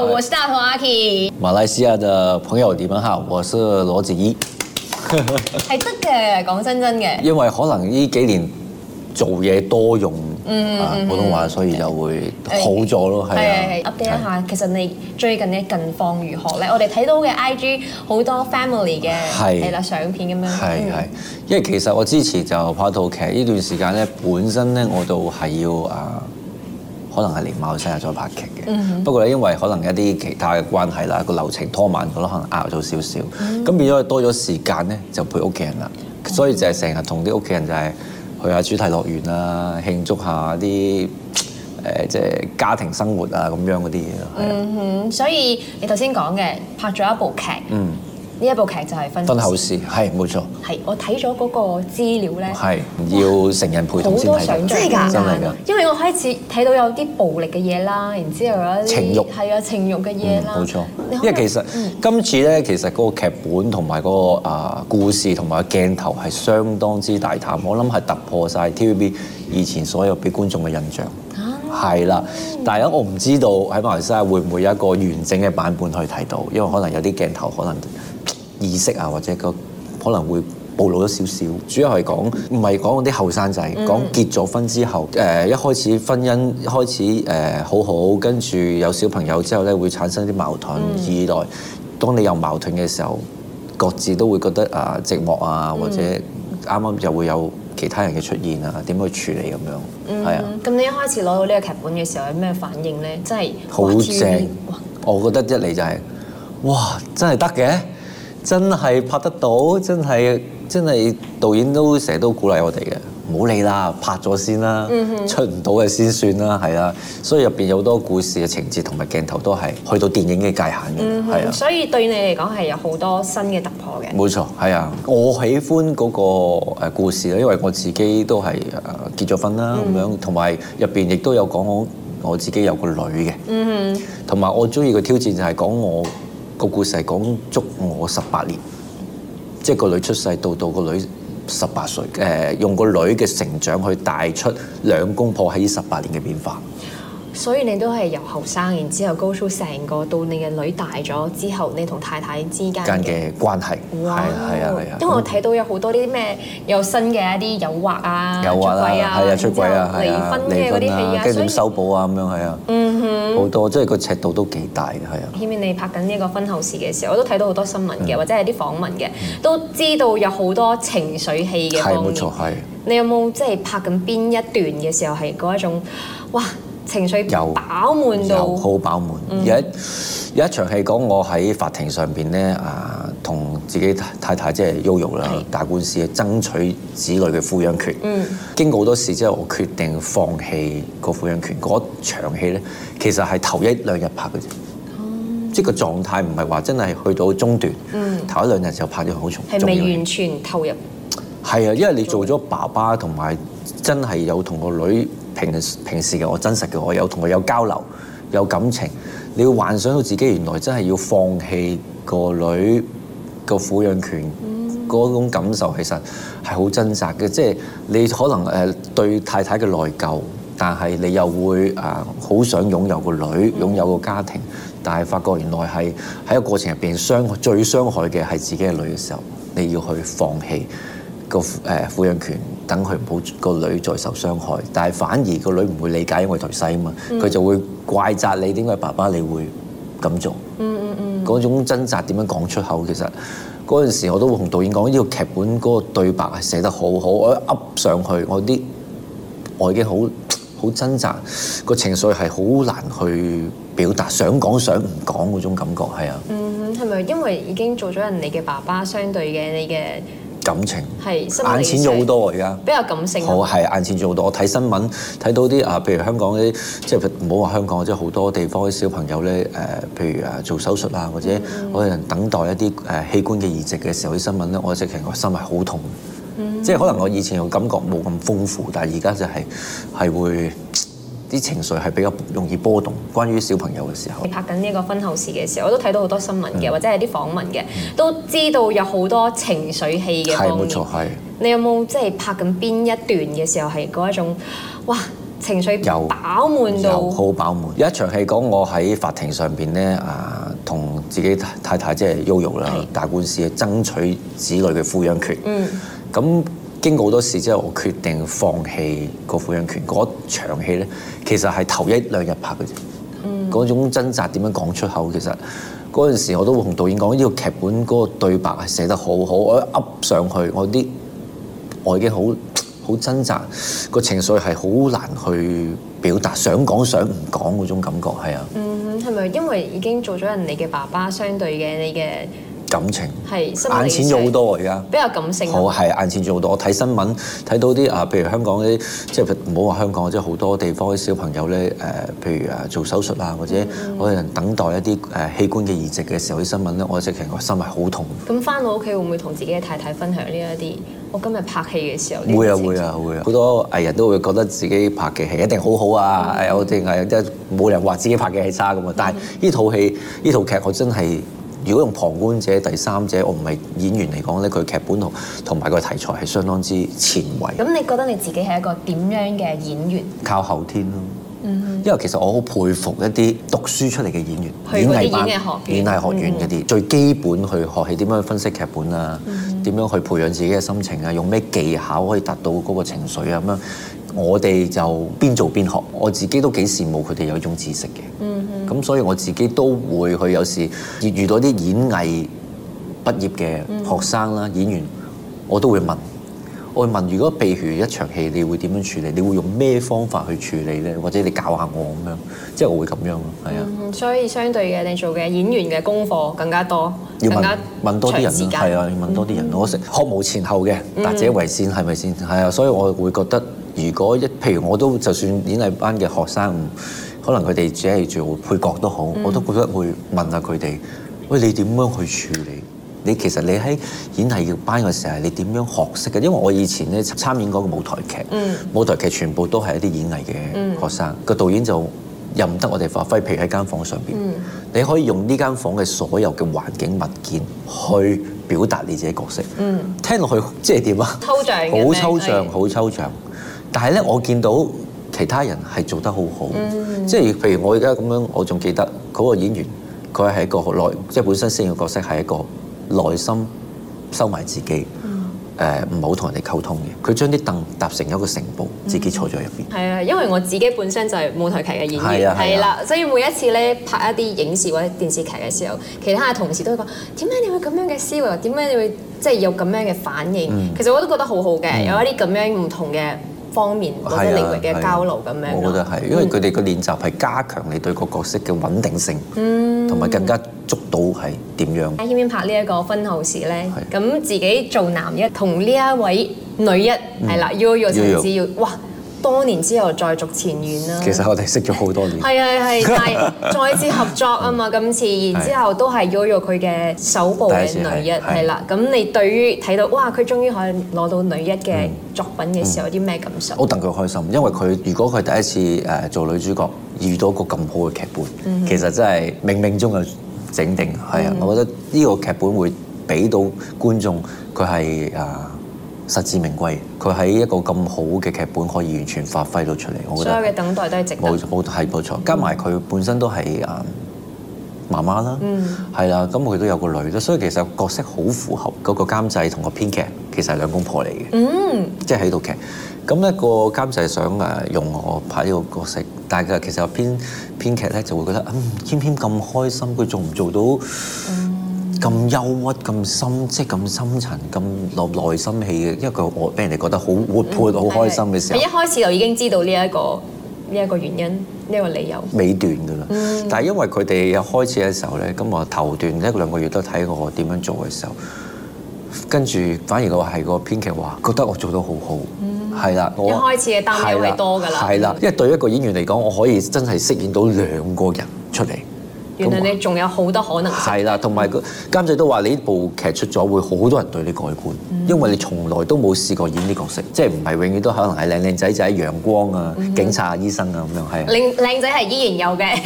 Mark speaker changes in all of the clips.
Speaker 1: 我是大同阿 Key，
Speaker 2: 馬來西亞的朋友你們好，我是羅子溢，
Speaker 1: 係得嘅，講真真嘅，
Speaker 2: 因為可能呢幾年做嘢多用
Speaker 1: 啊、嗯嗯、普通話，
Speaker 2: 所以就會好咗咯，係、嗯嗯嗯、啊
Speaker 1: ，update 一下，對其實你最近嘅近況如何咧？我哋睇到嘅 IG 好多 family 嘅係啦，相片咁樣，係係、嗯，
Speaker 2: 因為其實我之前就拍套劇，呢段時間咧本身咧我就係要啊。可能係年貓生日再拍劇嘅， 不過咧因為可能一啲其他嘅關係啦，個 流程拖慢咗咯，可能壓咗少少。咁 變咗多咗時間咧，就陪屋企人啦。所以就係成日同啲屋企人就係去下主題樂園啊，慶祝下啲誒即係家庭生活啊咁樣嗰啲嘢咯。嗯哼
Speaker 1: 所以你頭先講嘅拍咗一部劇。 呢一部劇就係婚後
Speaker 2: 事，係冇錯。係
Speaker 1: 我睇咗嗰個資料咧，
Speaker 2: 係要成人陪同先睇到，真係㗎。
Speaker 1: 因為我開始睇到有啲暴力嘅嘢啦，然之後有情慾，係啊情慾嘅嘢啦。冇
Speaker 2: 錯，因為其實今次咧，其實嗰個劇本同埋嗰個啊故事同埋鏡頭係相當之大膽，我諗係突破晒 TVB 以前所有俾觀眾嘅印象。嚇，係啦，但係咧，我唔知道喺馬來西亞會唔會有一個完整嘅版本可以睇到，因為可能有啲鏡頭可能。意識啊，或者個可能會暴露咗少少，主要係講唔係講啲後生仔，講、嗯、結咗婚之後，誒、呃、一開始婚姻一開始誒、呃、好好，跟住有小朋友之後咧會產生啲矛盾。二來、嗯，當你有矛盾嘅時候，各自都會覺得啊寂寞啊，或者啱啱就會有其他人嘅出現啊，點去處理咁樣？
Speaker 1: 係、嗯、啊。咁、嗯、你一開始攞到呢個劇本嘅時候有咩反應咧？真
Speaker 2: 係好正，我覺得一嚟就係、是、哇，真係得嘅。真係拍得到，真係真係導演都成日都鼓勵我哋嘅，唔好理啦，拍咗先啦，mm hmm. 出唔到嘅先算啦，係啦，所以入邊有好多故事嘅情節同埋鏡頭都係去到電影嘅界限嘅，係啊、
Speaker 1: mm，hmm. 的所以對你嚟
Speaker 2: 講係有好多新嘅突破嘅。冇錯，係啊，我喜歡嗰個故事咧，因為我自己都係結咗婚啦，咁、mm hmm. 樣，同埋入邊亦都有講我我自己有個女嘅，嗯同埋我中意嘅挑戰就係講我。個故事係講捉我十八年，即係個女出世到到個女十八歲誒用個女嘅成長去帶出兩公婆喺呢十八年嘅變化。
Speaker 1: 所以你都係有。後生，然之後高叔成個到你嘅女大咗之後，你同太太之間嘅
Speaker 2: 關係，係啊，係啊，因為我
Speaker 1: 睇到有好多啲咩有新嘅一啲誘惑啊，誘惑啊，係啊，出軌啊，係啊，離婚嘅啲戲啊，跟住點修
Speaker 2: 補啊，咁樣係啊，好多即係個尺度都幾大嘅係啊。
Speaker 1: 顯然你拍緊呢一個婚後事嘅時候，我都睇到好多新聞嘅，或者係啲訪問嘅，都知道有好多情緒戲嘅。係，冇錯，係。你有冇即係拍緊邊一段嘅時候係嗰一種哇？情緒又飽滿到，好
Speaker 2: 飽滿。嗯、有一有一場戲講我喺法庭上邊咧啊，同、呃、自己太太即係 Yoyo 啦，打官司啊，爭取子女嘅撫養權。嗯、經過好多事之後，我決定放棄個撫養權。嗰場戲咧，其實係頭一兩日拍嘅啫，嗯、即係個狀態唔係話真係去到中段。嗯，頭一兩日就拍咗好重，係未完全投入。係啊，因為你做咗爸爸同埋，真係有同個女。平平時嘅我真實嘅我有同佢有交流有感情，你要幻想到自己原來真係要放棄個女個撫養權嗰、嗯、種感受，其實係好掙扎嘅。即、就、係、是、你可能誒對太太嘅內疚，但係你又會啊好想擁有個女，擁有個家庭，但係發覺原來係喺個過程入邊傷最傷害嘅係自己嘅女嘅時候，你要去放棄個誒撫養權等佢唔好個女再受傷害，但係反而個女唔會理解，我，因為佢太細啊嘛，佢就會怪責你點解爸爸你會咁做？嗰、嗯嗯嗯、種掙扎點樣講出口？其實嗰陣時我都會同導演講呢、呢個劇本嗰個對白係寫得好好，我一噏上去我啲，我已經好好掙扎，個情緒係好難去表達，想講想唔講嗰種感覺係啊。嗯，係咪因
Speaker 1: 為已經做咗人哋嘅爸爸，相對嘅你嘅？感情，眼淺咗好多。而家比較感性，好係
Speaker 2: 眼淺咗好多。我睇新聞睇到啲啊，譬如香港啲即係唔好話香港，即係好多地方啲小朋友咧誒、呃，譬如啊做手術啊，或者可能等待一啲誒、呃、器官嘅移植嘅時候啲新聞咧，我直情個心係好痛，嗯、
Speaker 1: 即係可能
Speaker 2: 我以前個感覺冇咁豐富，但係而家就係、係、係會。啲情緒係比較容易波動，關於小朋友嘅時候。
Speaker 1: 你拍緊呢個婚後事嘅時候，我都睇到好多新聞嘅，嗯、或者係啲訪問嘅，嗯、都知道有好多情緒戲嘅。係，冇錯係。你有冇即係拍緊邊一段嘅時候係嗰一種？哇，情緒有飽滿到，有
Speaker 2: 好飽滿。有一場戲講我喺法庭上邊咧啊，同、呃、自己太太即係 Yoyo 啦，打官司爭取子女嘅撫養權。嗯。咁。經過好多事之後，我決定放棄個撫養權。嗰場戲咧，其實係頭一兩日拍嘅啫。嗰、嗯、種掙扎點樣講出口，其實嗰陣時我都會同導演講：呢、呢個劇本嗰個對白係寫得好好，我一噏上去，我啲我已經好好掙扎，個情緒係好難去表達，想講想唔講嗰種感覺，係啊。嗯，係咪因
Speaker 1: 為已經做咗人哋嘅爸爸，相對嘅你嘅？感情，眼淺咗好多而家，比較感性。好係嗎眼
Speaker 2: 淺咗好多。我睇新聞睇到啲啊，譬如香港啲，即係唔好話香港，即係好多地方啲小朋友咧誒、呃，譬如啊做手術啊，或者好多人等待一啲誒、啊、器官嘅移植嘅時候啲新聞咧，我即係其實我心係好痛。咁
Speaker 1: 返到屋企會唔會同自己嘅太太分享呢
Speaker 2: 一啲？我今日拍戲嘅時候，會啊會啊會啊！好、啊啊、多藝人都會覺得自己拍嘅戲一定好好啊，誒我定係有啲冇人話自己拍嘅戲差咁啊。但係呢套戲呢套劇我真係。如果用旁觀者、第三者，我唔係演員嚟講咧，佢劇本同埋個題材係相當之前衞。咁
Speaker 1: 你覺得你自己係一個點樣嘅演員？
Speaker 2: 靠後天咯，嗯、
Speaker 1: 哼因為
Speaker 2: 其實我好佩服一啲讀書出嚟嘅演員，演藝、演藝學院、演藝學院嗰啲最基本去學係點樣分析劇本啊，點、嗯、哼樣去培養自己嘅心情啊，用咩技巧可以達到嗰個情緒啊咁樣。嗯、哼我哋就邊做邊學，我自己都幾羨慕佢哋有一種知識嘅。咁所以我自己都會去有時遇到啲演藝畢業嘅學生啦，嗯、演員，我都會問，我會問：如果譬如一場戲，你會點樣處理？你會用咩方法去處理咧？或者你教下我咁樣，即係我會咁樣咯，係啊、嗯。所以相對嘅你做嘅演員嘅
Speaker 1: 功課更加多，加要問，問多啲人，係啊，要
Speaker 2: 問多啲人。嗯、我識學無前後嘅，達者、嗯、為先係咪先？係啊，所以我會覺得，如果一譬如我都就算演藝班嘅學生。可能佢哋只係做配角都好，嗯、我都覺得會問下佢哋：喂，你點樣去處理？你其實你喺演藝班嘅時候，你點樣學識嘅？因為我以前咧參演嗰個舞台劇，嗯、舞台劇全部都係一啲演藝嘅學生，個、嗯、導演就任唔得我哋發揮。譬如喺間房上邊，嗯、你可以用呢間房嘅所有嘅環境物件去表達你自己角色。嗯、聽落去即係點啊？抽象好抽象，好、哎、抽象。但係咧，我見到。其他人係做得好好，嗯、即係譬如我而家咁樣，我仲記得嗰個演員，佢係一個好內，即、就、係、是、本身先演角色係一個內心收埋自己，誒唔好同人哋溝通嘅，佢將啲凳搭成一個城堡，嗯、自己坐咗入邊。係
Speaker 1: 啊，因為我自己本身就係舞台劇嘅演員，係啦，所以每一次咧拍一啲影視或者電視劇嘅時候，其他嘅同事都會講：點解你會咁樣嘅思維？點解你會即係有咁樣嘅反應？嗯、其實我都覺得好好嘅，有一啲咁樣唔同嘅。嗯方面或者領域嘅交流咁樣，我覺得
Speaker 2: 係，因為佢哋嘅練習係加強你對個角色嘅穩定性，
Speaker 1: 同埋、嗯、更
Speaker 2: 加捉到係點樣。
Speaker 1: 喺邊邊拍呢一個分號時咧，咁是自己做男一同呢一位女一係啦要，要甚至要哇。嗯多年之後再續前緣啦。其實
Speaker 2: 我哋識咗好多年。 係啊，係，但係
Speaker 1: 再次合作啊嘛，今次、嗯、然之後都係邀約佢嘅首部嘅女一，係啦。咁了是你對於睇到哇，佢終於可以攞到女一嘅作品嘅時候，有啲咩感受？我
Speaker 2: 戥佢開心，因為佢如果佢第一次誒做女主角，遇到一個咁好嘅劇本，嗯、哼其實真係冥冥中嘅整定。係啊，嗯、我覺得呢個劇本會俾到觀眾佢係啊。實至名歸，佢喺一個咁好嘅劇本可以完全發揮到出嚟，我覺得。所有嘅
Speaker 1: 等待都係
Speaker 2: 值得。冇冇係冇錯，加埋佢本身都係啊媽媽啦，係啦、嗯，咁佢都有個女啦，所以其實角色好符合嗰個監製同個編劇，其實係兩公婆嚟嘅。嗯，即係喺度劇，咁一個監製想啊用我拍呢個角色，但係其實編編劇咧就會覺得，嗯，偏偏咁開心，佢做唔做到？嗯咁憂鬱、咁深即咁深層、咁落內心氣嘅一個我，俾人哋覺得好活潑、好、嗯、開心嘅時候。我一
Speaker 1: 開始就已經知道呢、這、一
Speaker 2: 個呢一、這個原因，呢、這個理由。尾段㗎啦，嗯、但係因為佢哋一開始嘅時候咧，咁我頭段一個兩個月都睇過我點樣做嘅時候，跟住反而我係個編劇話覺得我做得好好，係啦、嗯，我一
Speaker 1: 開始嘅擔憂係多㗎啦，係啦、嗯，因為
Speaker 2: 對一個演員嚟講，我可以真係飾演到兩個人出嚟。
Speaker 1: 原來你
Speaker 2: 仲有好多可能性，係啦，同埋監製都話你呢、mm hmm. 部劇出咗會好多人對你改觀，因為你從來都冇試過演啲角色，即係唔係永遠都可能係靚靚仔仔、mm hmm. 陽光啊、警察啊、醫生啊咁樣係。靚靚
Speaker 1: 仔係依然有嘅，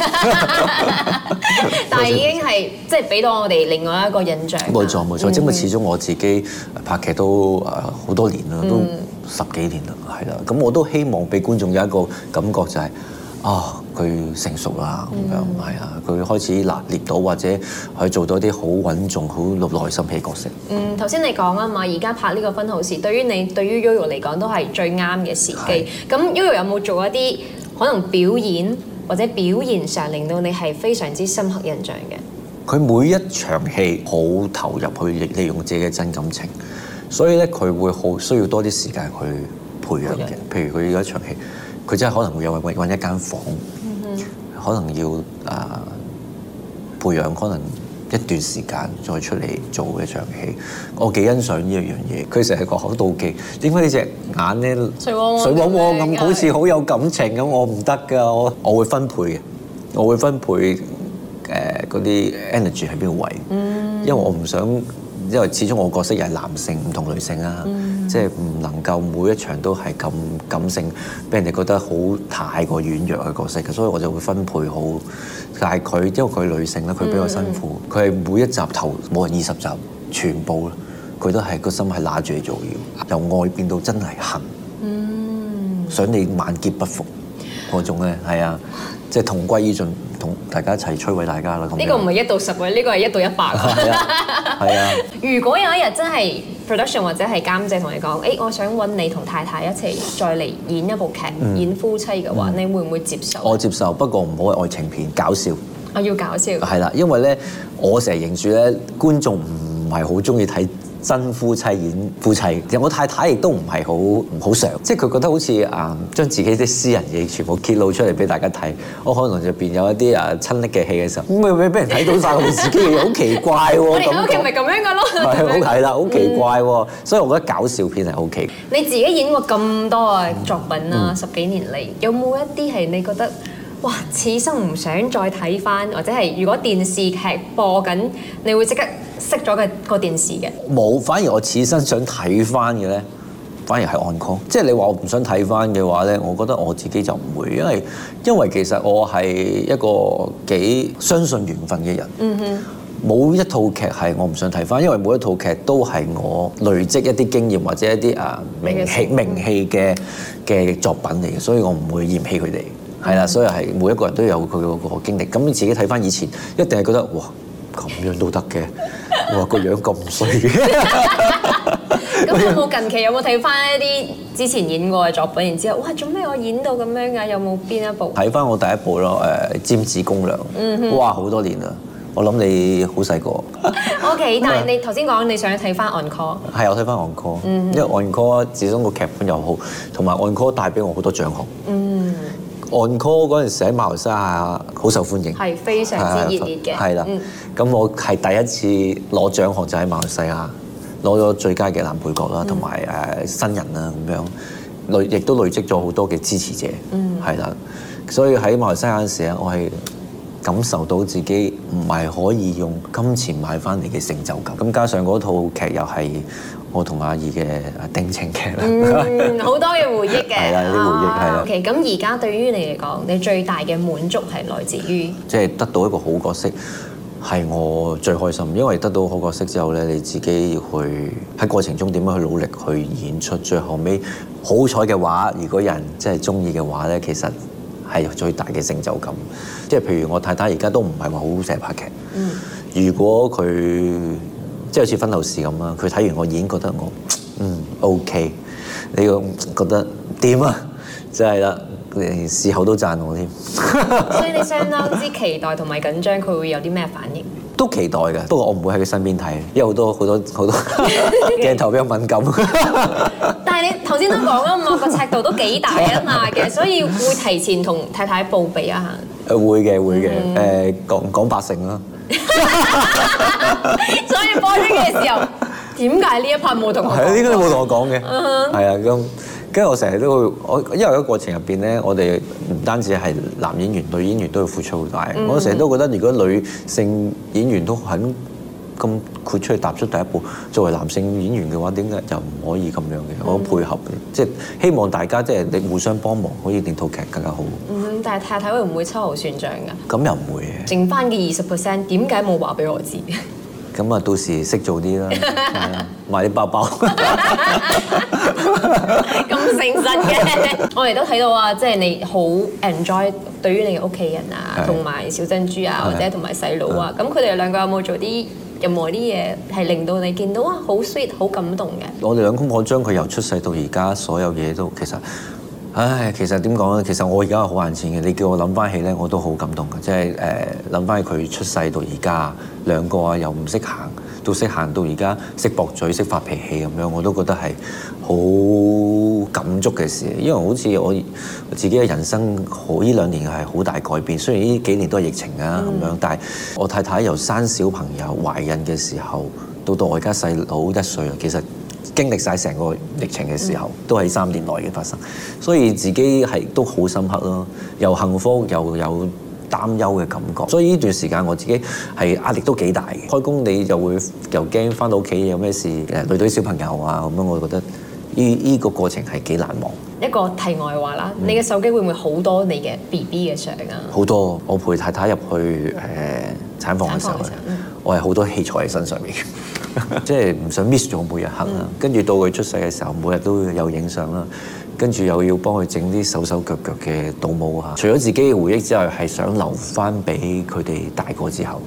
Speaker 1: 但係已經係即係俾到我哋另外一個印象。
Speaker 2: 冇 錯冇錯，因為始終我自己拍劇都誒好多年啦，mm hmm. 都十幾年啦，係啦，咁我都希望俾觀眾有一個感覺就係、是。啊！佢、哦、成熟啦，咁樣、mm。係、hmm. 啊，佢開始拿捏到或者可以做到啲好穩重、好內心戲角色。嗯，
Speaker 1: 頭先你講啊嘛，而家拍呢個分號時，對於你對於 Yoyo 嚟講都係最啱嘅時機。咁是 Yoyo 有冇做一啲可能表演或者表現上令到你係非常之深刻印象嘅？
Speaker 2: 佢每一場戲好投入去，利用自己嘅真感情，所以咧佢會好需要多啲時間去培養嘅。譬養如佢有一場戲。佢真係可能會揾揾一間房，mm hmm. 可能要啊、呃、培養可能一段時間再出嚟做嘅場戲。我幾欣賞呢一樣嘢，佢成日講好妒忌，點解你隻眼咧水汪汪、水汪汪咁，好似好有感情咁的？我唔得㗎，我我會分配嘅，我會分配誒嗰啲 energy 喺邊個位，mm hmm. 因為我唔想，因為始終我角色又係男性，唔同女性啊。Mm hmm. mm hmm. 即係唔能夠每一場都係咁感性，俾人哋覺得好太過軟弱嘅角色嘅，所以我就會分配好。但係佢因為佢女性咧，佢比較辛苦，佢係、嗯、每一集頭冇人二十集，全部咧佢都係個心係揦住嚟做嘢，由愛變到真係恨，想你萬劫不復嗰種咧，係啊，即係同歸於盡，同大家一齊摧毀大家啦。呢個唔係一
Speaker 1: 到十位，呢、呢個係一到一百嘅。 係啊，如果有一日真係。production 或者係監製同你講，誒、欸，我想揾你同太太一齊再嚟演一部劇，嗯、演夫妻嘅話，你會唔會接受？我
Speaker 2: 接受，不過唔好係愛情片，搞笑。
Speaker 1: 我要搞笑。係啦，
Speaker 2: 因為呢，我成日認住呢，觀眾唔係好中意睇。真夫妻演夫妻，其實我太太亦都唔係好唔好想，即係佢覺得好似啊，將自己啲私人嘢全部揭露出嚟俾大家睇，我可能入邊有一啲啊親暱嘅戲嘅時候，咁會唔會俾人睇到晒我自己嘅嘢？好奇怪喎！我哋屋企
Speaker 1: 咪咁樣嘅咯，係好睇
Speaker 2: 啦，好奇怪喎！所以我覺得搞笑片係 OK 嘅。
Speaker 1: 你自己演過咁多嘅作品啊，十幾年嚟，有冇一啲係你覺得？哇！此生唔想再睇翻，或者係如果電視劇播緊，你會即刻熄咗嘅個電視嘅？
Speaker 2: 冇，反而我此生想睇翻嘅呢，反而係 On Call。即係你話我唔想睇翻嘅話呢，我覺得我自己就唔會，因為因為其實我係一個幾相信緣分嘅人。嗯哼、mm，冇、hmm. 一套劇係我唔想睇翻，因為每一套劇都係我累積一啲經驗或者一啲啊名氣名氣嘅嘅、嗯、作品嚟嘅，所以我唔會嫌棄佢哋。係啦，嗯、所以係每一個人都有佢嗰個經歷。咁你自己睇翻以前，一定係覺得哇咁樣都得嘅，哇個樣咁衰嘅。
Speaker 1: 咁有冇近期有冇睇翻一啲之前演過嘅作品？然之後哇做咩我演到咁樣噶？有冇邊一部？
Speaker 2: 睇翻我第一部咯，誒《尖子公良》。嗯哼。哇，好多年啦，我諗你好細個。 o、
Speaker 1: okay, K，但
Speaker 2: 係你頭先講你想睇翻《On Call》。係，我睇翻《On Call》，因為《On Call》始終個劇本又好，同埋《On Call》帶俾我好多獎項，
Speaker 1: 項。嗯。
Speaker 2: On call 嗰陣時喺馬來西亞好受歡迎，
Speaker 1: 係非常之熱烈嘅。係啦的，
Speaker 2: 咁、嗯、我係第一次攞獎項就喺馬來西亞攞咗最佳嘅男配角啦，同埋誒新人啦。咁樣累，亦都累積咗好多嘅支持者。嗯，係啦，所以喺馬來西亞嘅陣時咧，我係感受到自己唔係可以用金錢買翻嚟嘅成就感。咁加上嗰套劇又係。我同阿二嘅定情劇，嗯，好多嘅
Speaker 1: 回憶嘅， 係啦，啲回憶係啦。OK，咁而家對於你嚟講，你最大嘅滿足係
Speaker 2: 來自於即係得到一個好角色，係我最開心。因為得到好角色之後咧，你自己要去喺過程中點樣去努力去演出，最後尾好彩嘅話，如果人即係中意嘅話咧，其實係最大嘅成就感。即係譬如我太太而家都唔係話好成日拍劇，嗯，如果佢。即係好似分頭試咁啦，佢睇完我已經覺得我嗯 OK，你要覺得點啊？就係啦，事後都讚我添。所以你相
Speaker 1: 當之期待同埋緊張，佢會有啲咩反應？
Speaker 2: 都期待嘅，不過我唔會喺佢身邊睇，因為好多好多好多 鏡頭比較敏感。
Speaker 1: 但係你頭先都講啦嘛，個尺度都幾大啊嘛嘅，所以會提前同太太報備一
Speaker 2: 下。誒會嘅會嘅，誒講講八成啦。
Speaker 1: 所以播出嘅時候，點解
Speaker 2: 呢一 part 冇同？係啊，應該、uh huh. 都冇同我講嘅。係啊，咁跟住我成日都會，我因為喺過程入邊咧，我哋唔單止係男演員、女演員都要付出好大。Mm hmm. 我成日都覺得，如果女性演員都肯咁豁出去踏出第一步，作為男性演員嘅話，點解就唔可以咁樣嘅？Mm hmm. 我配合，即係希望大家即係你互相幫忙，可以令套劇更加好。Mm
Speaker 1: hmm. 但太太會唔會秋後算賬㗎？咁又唔會，剩翻嘅二十 percent 點解冇話俾我知？
Speaker 2: 咁啊、嗯，到時識做啲啦， 買啲包包。
Speaker 1: 咁 誠實嘅， 我哋都睇到啊，即係你好 enjoy 對於你嘅屋企人啊，同埋的小珍珠啊，的或者同埋細佬啊，咁佢哋兩個有冇做啲任何啲嘢係令到你見到啊好 sweet 好感動嘅？
Speaker 2: 我哋兩公婆將佢由出世到而家所有嘢都其實都。唉，其實點講咧？其實我而家好眼錢眼淺嘅。你叫我諗翻起咧，我都好感動嘅。即係誒，諗翻佢出世到而家兩個啊，又唔識行，到識行到而家識駁嘴、識發脾氣咁樣，我都覺得係好感觸嘅事。因為好似我自己嘅人生，好呢兩年係好大改變。雖然呢幾年都係疫情啊咁樣，嗯、但係我太太由生小朋友、懷孕嘅時候，到到我而家細佬一歲啊，其實～經歷晒成個疫情嘅時候，嗯、都喺三年內已經發生，所以自己係都好深刻咯，又幸福又有擔憂嘅感覺，所以呢段時間我自己係壓力都幾大嘅。開工你就會又驚返、嗯、到屋企有咩事誒，累到啲小朋友啊咁樣，我覺得呢呢個過程係幾難忘。
Speaker 1: 一個題外話啦，嗯、你嘅手機會唔會好多你嘅 BB 嘅相
Speaker 2: 啊？好多，我陪太太入去誒、呃、產房嘅時候，嗯、我係好多器材喺身上面。嗯 即係唔想 miss 咗每日黑啦，跟住、嗯、到佢出世嘅時候，每日都有影相啦，跟住又要幫佢整啲手手腳腳嘅倒模吓。除咗自己嘅回憶之外，係想留翻俾佢哋大個之後，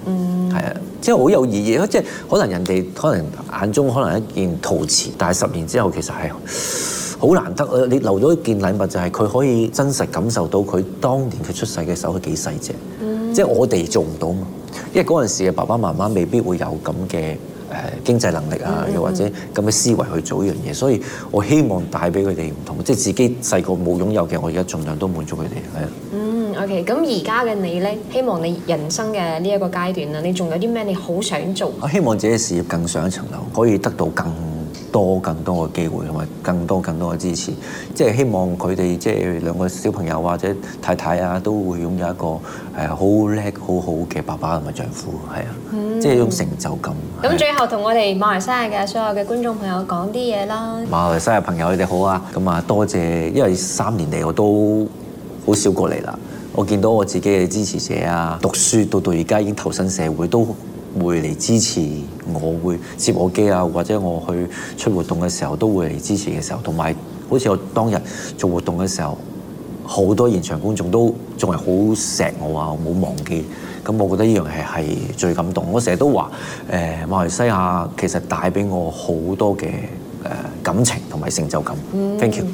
Speaker 2: 係啊、嗯，即係好有意義咯。即係可能人哋可能眼中可能一件陶瓷，但係十年之後其實係好難得啊。你留咗一件禮物，就係佢可以真實感受到佢當年佢出世嘅手，佢幾細隻，即係我哋做唔到嘛。因為嗰陣時嘅爸爸媽媽未必會有咁嘅。誒經濟能力啊，又或者咁嘅思維去做呢樣嘢，所以我希望帶俾佢哋唔同，即係自己細個冇擁有嘅，我而家盡量都滿足佢哋，係啊、嗯。嗯
Speaker 1: ，OK，咁而家嘅你咧，希望你人生嘅呢一個階段啊，你仲有啲咩你好想做？
Speaker 2: 我希望自己事業更上一層樓，可以得到更多更多嘅機會，同埋更多更多嘅支持。即係希望佢哋即係兩個小朋友或者太太啊，都會擁有一個誒好叻好好嘅爸爸同埋丈夫，係啊。即係一種成就感。咁、嗯、是最
Speaker 1: 後同我哋馬來西
Speaker 2: 亞嘅所有嘅觀眾朋友講啲嘢啦。馬來西亞朋友，你哋好啊！咁啊，多謝，因為三年嚟我都好少過嚟啦。我見到我自己嘅支持者啊，讀書到到而家已經投身社會，都會嚟支持我，我會接我機啊，或者我去出活動嘅時候都會嚟支持嘅時候。同埋好似我當日做活動嘅時候。好多現場觀眾都仲係好錫我啊，我冇忘記，咁我覺得呢樣嘢係最感動我。我成日都話，誒馬來西亞其實帶俾我好多嘅誒感情同埋成就感。嗯、Thank you。